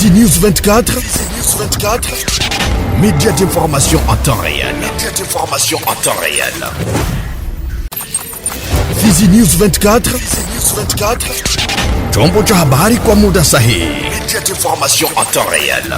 Easy News 24. Easy News 24. Média d'information en temps réel. Média d'information en temps réel. Easy News 24. Easy News 24. Chombo cha habari kwa muda sahihi. Média d'information en temps réel.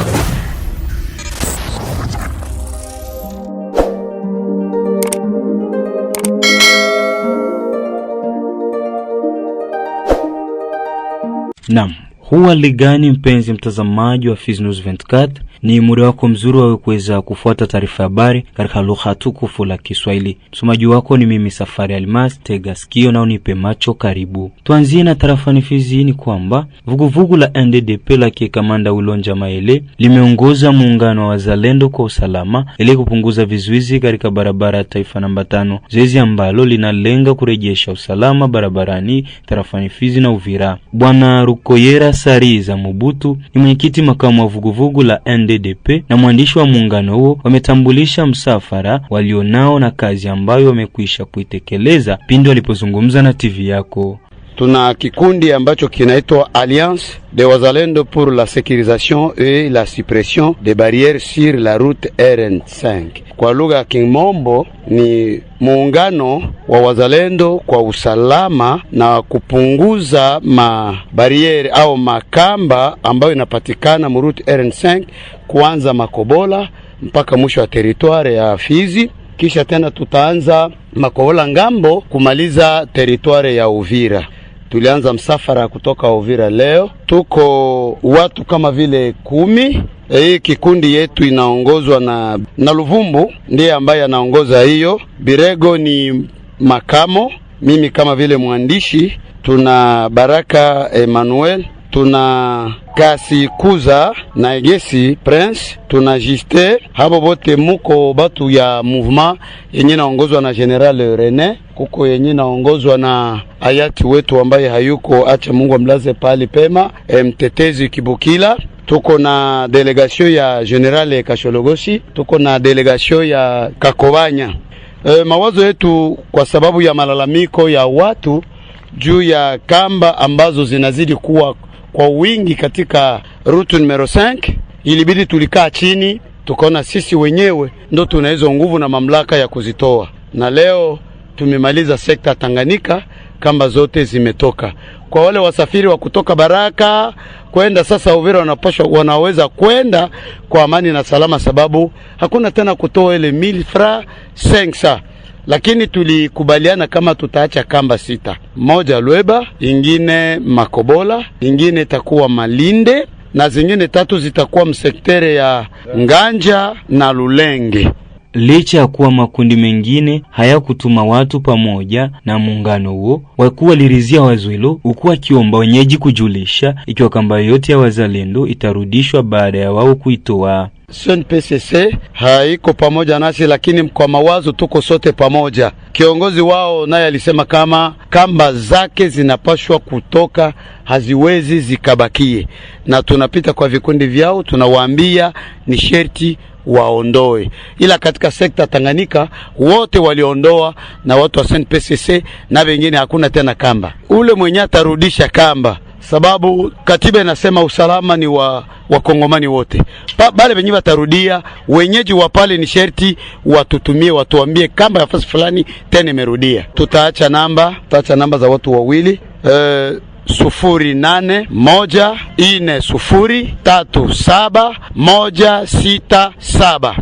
Naam. Huwa ligani mpenzi mtazamaji wa Fizi News 24 ni muda wako mzuri wawe kuweza kufuata taarifa habari katika lugha tukufu la Kiswahili. Msomaji wako ni mimi Safari Almas, tega sikio na unipe macho. Karibu tuanzie na tarafani Fizi. Ni kwamba vuguvugu la NDDP lake kamanda Ulonja Maele limeongoza muungano wa wazalendo kwa usalama ili kupunguza vizuizi katika barabara ya taifa namba tano, zoezi ambalo linalenga kurejesha usalama barabarani tarafani Fizi na Uvira. Bwana Rukoyera Sari za Mubutu ni mwenyekiti makamu wa vuguvugu la ND cndd na mwandishi wa muungano huo wametambulisha msafara walionao na kazi ambayo wamekwisha kuitekeleza pindi walipozungumza na TV yako tuna kikundi ambacho kinaitwa Alliance de Wazalendo pour la sécurisation et la suppression des barrières sur la route RN5. Kwa lugha ya Kimombo ni muungano wa wazalendo kwa usalama na kupunguza mabarieri au makamba ambayo inapatikana mu route RN5 kuanza Makobola mpaka mwisho wa teritware ya Fizi kisha tena tutaanza Makobola ngambo kumaliza teritware ya Uvira tulianza msafara kutoka Uvira leo, tuko watu kama vile kumi. Eh, hii kikundi yetu inaongozwa na na Luvumbu, ndiye ambaye anaongoza hiyo. Birego ni makamo, mimi kama vile mwandishi, tuna Baraka Emmanuel tuna Kasi Kuza na egesi Prince, tuna Juste habo bote muko batu ya movement yenye naongozwa na General Rene, kuko yenye naongozwa na hayati wetu ambaye hayuko, acha Mungu amlaze pali pema, eh, mtetezi Kibukila tuko na delegation ya General Kashologoshi, tuko na delegation ya Kakobanya. E, eh, mawazo yetu kwa sababu ya malalamiko ya watu juu ya kamba ambazo zinazidi kuwa kwa wingi katika route numero 5, ilibidi tulikaa chini tukaona sisi wenyewe ndo tuna hizo nguvu na mamlaka ya kuzitoa, na leo tumemaliza sekta Tanganyika, kamba zote zimetoka. Kwa wale wasafiri wa kutoka Baraka kwenda sasa Uvira wanapaswa, wanaweza kwenda kwa amani na salama, sababu hakuna tena kutoa ile 1000 francs lakini tulikubaliana kama tutaacha kamba sita, moja Lweba, ingine Makobola, ingine itakuwa Malinde na zingine tatu zitakuwa msektere ya Nganja na Lulenge. Licha ya kuwa makundi mengine hayakutuma watu pamoja na muungano huo, wakuu walirizia Wazwilo huku wakiomba wenyeji kujulisha ikiwa kamba yote ya wazalendo itarudishwa baada ya wao kuitoa. PCC haiko pamoja nasi, lakini kwa mawazo tuko sote pamoja. Kiongozi wao naye alisema kama kamba zake zinapashwa kutoka, haziwezi zikabakie, na tunapita kwa vikundi vyao, tunawaambia ni sherti waondoe, ila katika sekta Tanganyika wote waliondoa na watu wa SNPCC na wengine, hakuna tena kamba. Ule mwenye atarudisha kamba sababu katiba inasema usalama ni wa wakongomani wote. Bale wenyewe watarudia, wenyeji wa pale ni sherti watutumie, watuambie kamba ya fasi fulani tena imerudia. Tutaacha namba, tutaacha namba za watu wawili e, sufuri nane moja ine sufuri tatu saba moja sita saba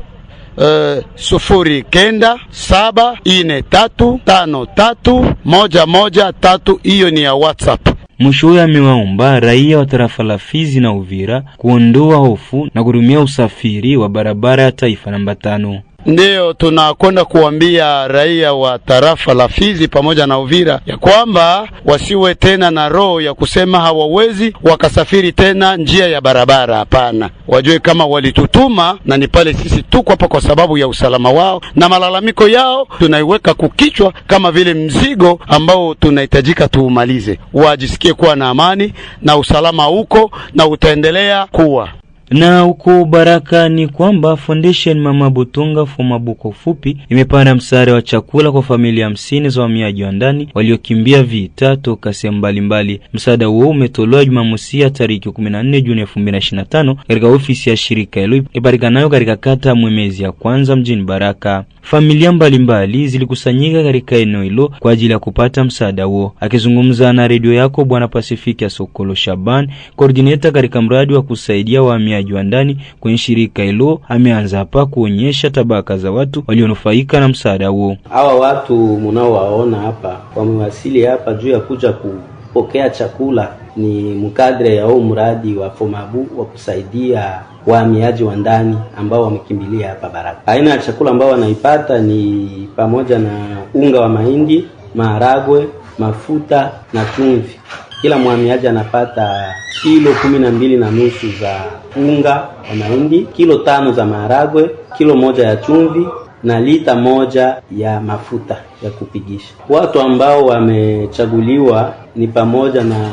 Uh, sufuri kenda saba ine tatu tano tatu moja moja tatu. Hiyo ni ya WhatsApp. Mwisho huyo amewaomba raia wa tarafa la Fizi na Uvira kuondoa hofu na kutumia usafiri wa barabara ya taifa namba tano ndiyo tunakwenda kuambia raia wa tarafa la Fizi pamoja na Uvira ya kwamba wasiwe tena na roho ya kusema hawawezi wakasafiri tena njia ya barabara. Hapana, wajue kama walitutuma na ni pale sisi tuko hapa kwa sababu ya usalama wao, na malalamiko yao tunaiweka kukichwa kama vile mzigo ambao tunahitajika tuumalize. Wajisikie kuwa na amani na usalama uko na utaendelea kuwa na huko Baraka ni kwamba Foundation Mama Butunga Foma Buko Fupi imepanda msaada wa chakula kwa familia hamsini za wahamiaji wa ndani waliokimbia vita toka sehemu mbalimbali. Msaada huo umetolewa Jumamosi ya tariki 14 Juni 2025 katika ofisi ya shirika hilo ipatikanayo katika kata Mwemezi ya kwanza mjini Baraka. Familia mbalimbali mbali zilikusanyika katika eneo hilo kwa ajili ya kupata msaada huo. Akizungumza na redio yako Bwana Pasifiki ya Sokolo Shaban, coordinator katika mradi wa kusaidia wahamiaji uhamiaji wa ndani kwenye shirika hilo ameanza hapa kuonyesha tabaka za watu walionufaika na msaada huo. Hawa watu munaowaona hapa wamewasili hapa juu ya kuja kupokea chakula ni mkadre ya huu mradi wa Fomabu wa kusaidia wahamiaji wa ndani ambao wamekimbilia hapa Baraka. Aina ya chakula ambao wanaipata ni pamoja na unga wa mahindi, maharagwe, mafuta na chumvi. Kila mhamiaji anapata kilo kumi na mbili na nusu za unga wa mahindi, kilo tano za maharagwe, kilo moja ya chumvi na lita moja ya mafuta ya kupigisha. Watu ambao wamechaguliwa ni pamoja na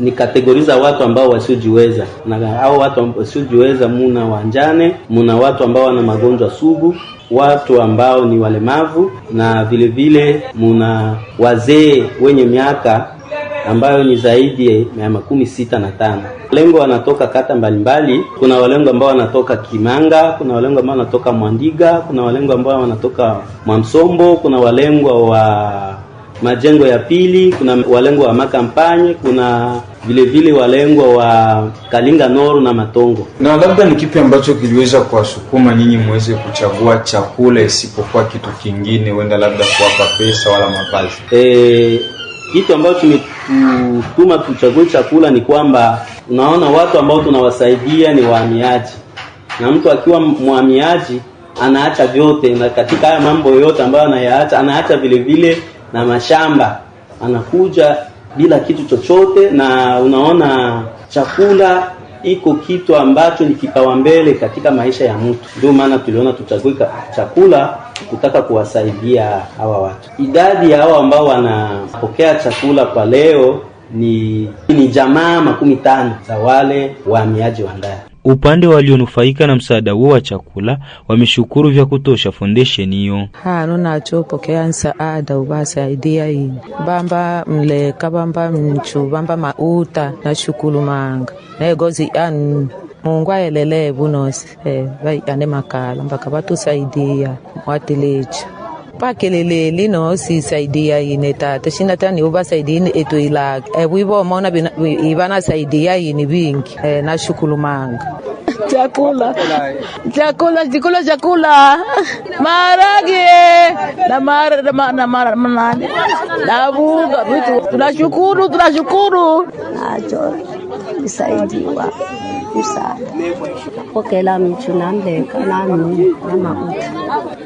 ni kategori za watu ambao wasiojiweza, na hao watu wasiojiweza, muna wanjane, muna watu ambao wana magonjwa sugu, watu ambao ni walemavu, na vile vile muna wazee wenye miaka ambayo ni zaidi ya makumi sita na tano. Walengo wanatoka kata mbalimbali. Kuna walengo ambao wanatoka Kimanga, kuna walengo ambao wanatoka Mwandiga, kuna walengo ambao wanatoka Mwamsombo, kuna walengo wa majengo ya pili, kuna walengwa wa makampanye, kuna vile vile walengwa wa Kalinga Noru na Matongo. Na labda ni kipi ambacho kiliweza kuwasukuma nyinyi mweze kuchagua chakula isipokuwa kitu kingine, wenda labda kuwapa pesa wala mavazi? E, eh, kitu ambacho kimetutuma tuchague chakula ni kwamba unaona watu ambao tunawasaidia ni wahamiaji, na mtu akiwa mhamiaji anaacha vyote, na katika haya mambo yote ambayo anayaacha, anaacha vile vile na mashamba, anakuja bila kitu chochote, na unaona chakula iko kitu ambacho ni kipawa mbele katika maisha ya mtu. Ndio maana tuliona tuchague chakula kutaka kuwasaidia hawa watu. Idadi ya hawa ambao wanapokea chakula kwa leo ni, ni jamaa makumi tano za wale wahamiaji wa ndani. Upande walionufaika na msaada huo wa chakula wameshukuru vya kutosha foundation hiyo hanonachopokeya nsaada ubasaidia ini bamba mleka bamba mchu bamba mauta na shukulu manga negozi an Mungu aelelee vunosi eh, vai ane makala mpaka watusaidia watilicha pa kelele no sisaidia yini tata shina tani ubasaidi ini etu ilaka e bwibomona ibanasaidia yini bingi e, nashukulumanga e chakula chakula chakula chakula maharage na mara na mara na mara na bunga vitu tunashukuru tunashukuru acho nisaidiwa kusala khokela michu nambeka nami namakuta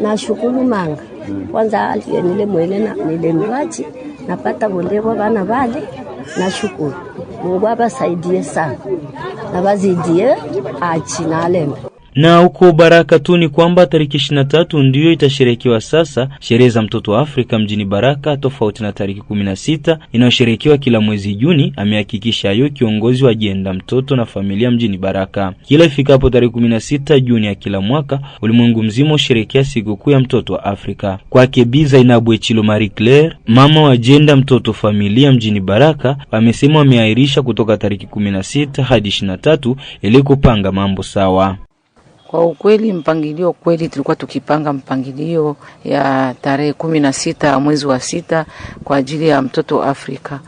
nashukulu manga kwanza aliye nile mwele na nile mwaji napata volekwa vana vale nashukuru mungu abasaidie sana nabazidie achi nalembe na huko Baraka tu ni kwamba tariki 23 ndiyo itasherekewa sasa sherehe za mtoto wa Afrika mjini Baraka, tofauti na tariki 16 inayosherekewa kila mwezi Juni. Amehakikisha hayo kiongozi wa jenda mtoto na familia mjini Baraka. Kila ifikapo tarehe 16 Juni ya kila mwaka, ulimwengu mzima usherekea sikukuu ya mtoto wa Afrika. Kwake Bi Zainabu Echilo Marie Claire, mama wa jenda mtoto familia mjini Baraka, amesema wameahirisha kutoka tariki 16 hadi 23 ili kupanga mambo sawa. Kwa ukweli mpangilio kweli, tulikuwa tukipanga mpangilio ya tarehe kumi na sita mwezi wa sita kwa ajili ya mtoto Afrika,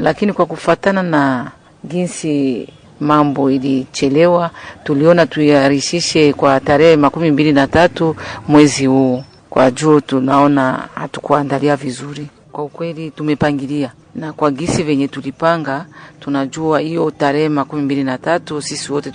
lakini kwa kufatana na jinsi mambo ilichelewa, tuliona tuiharisishe kwa tarehe makumi mbili na tatu mwezi huu, kwa juu tunaona hatukuandalia vizuri. Kwa ukweli tumepangilia na kwa gisi venye tulipanga, tunajua hiyo tarehe makumi mbili na tatu sisi wote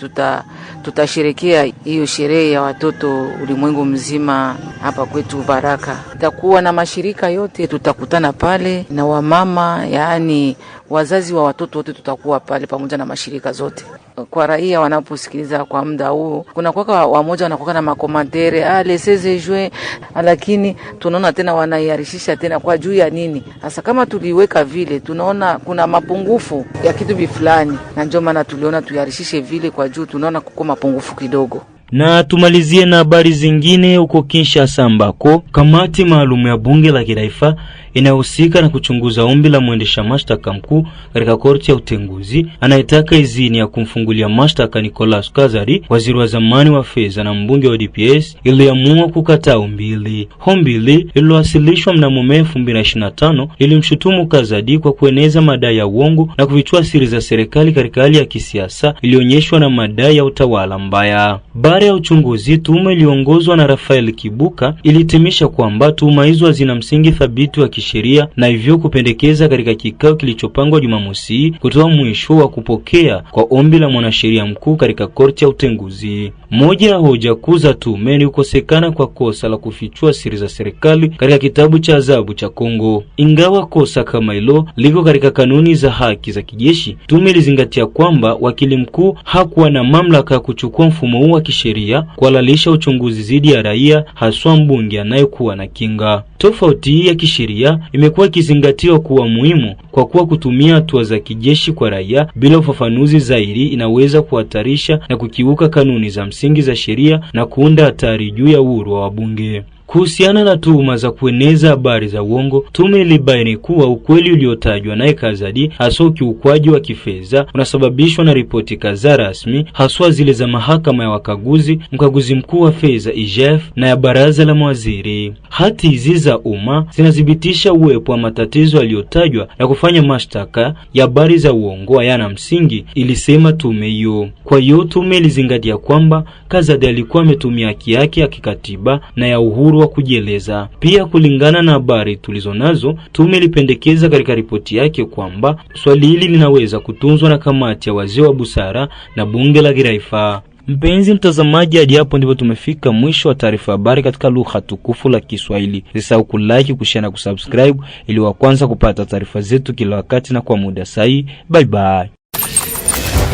tutasherekea tuta hiyo sherehe ya watoto ulimwengu mzima hapa kwetu Baraka. Itakuwa na mashirika yote, tutakutana pale na wamama, yaani wazazi wa watoto wote tutakuwa pale pamoja na mashirika zote kwa raia wanaposikiliza kwa muda huu, kuna kwaka wamoja wanakuwa na makomandere ah leseze jwe, ah, lakini tunaona tena wanaiharishisha tena kwa juu ya nini hasa. Kama tuliweka vile, tunaona kuna mapungufu ya kitu fulani, na ndio maana tuliona tuiharishishe vile kwa juu, tunaona kuko mapungufu kidogo. Na tumalizie na habari zingine huko Kinshasa, ambako kamati maalum ya bunge la kitaifa inayohusika na kuchunguza ombi la mwendesha mashtaka mkuu katika korti ya utenguzi anayetaka idhini ya kumfungulia mashtaka Nicolas Kazari, waziri wa zamani wa fedha na mbunge wa DPS, iliamua kukataa ombi hili. Ombi hili lililowasilishwa mnamo Mei 2025 lilimshutumu Kazadi kwa kueneza madai ya uongo na kufichua siri za serikali katika hali ya kisiasa iliyoonyeshwa na madai ya utawala mbaya Bari ya uchunguzi tume iliongozwa na Rafael Kibuka ilitimisha kwamba tuhuma hizo hazina msingi thabiti wa kisheria na hivyo kupendekeza katika kikao kilichopangwa Jumamosi kutoa mwisho wa kupokea kwa ombi la mwanasheria mkuu katika korti ya utenguzi. Moja ya hoja kuu za tume ni kukosekana kwa kosa la kufichua siri za serikali katika kitabu cha adhabu cha Kongo. Ingawa kosa kama hilo liko katika kanuni za haki za kijeshi, tume ilizingatia kwamba wakili mkuu hakuwa na mamlaka ya kuchukua mfumo huu wa kisheria sheria kuhalalisha uchunguzi dhidi ya raia, haswa mbunge anayekuwa na kinga. Tofauti hii ya kisheria imekuwa ikizingatiwa kuwa muhimu kwa kuwa kutumia hatua za kijeshi kwa raia bila ufafanuzi zaidi inaweza kuhatarisha na kukiuka kanuni za msingi za sheria na kuunda hatari juu ya uhuru wa wabunge. Kuhusiana na tuhuma za kueneza habari za uongo, tume ilibaini kuwa ukweli uliotajwa naye Kazadi, haswa ukiukwaji wa kifedha, unasababishwa na ripoti kadhaa rasmi, haswa zile za mahakama ya wakaguzi, mkaguzi mkuu wa fedha IGF na ya baraza la mawaziri. Hati hizi za umma zinathibitisha uwepo wa matatizo yaliyotajwa na kufanya mashtaka ya habari za uongo hayana msingi, ilisema tume hiyo. Kwa hiyo tume ilizingatia kwamba Kazadi alikuwa ametumia haki yake ya kikatiba na ya uhuru uhuru wa kujieleza. Pia kulingana na habari tulizonazo, tume ilipendekeza katika ripoti yake kwamba swali hili linaweza kutunzwa na kamati ya wazee wa busara na bunge la kiraifa Mpenzi mtazamaji, hadi hapo ndipo tumefika mwisho wa taarifa habari katika lugha tukufu la Kiswahili. Usisahau kulike, kushare na kusubscribe ili wa kwanza kupata taarifa zetu kila wakati na kwa muda sahihi. Bye bye.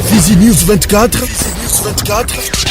Fizi News 24. Fizi News 24.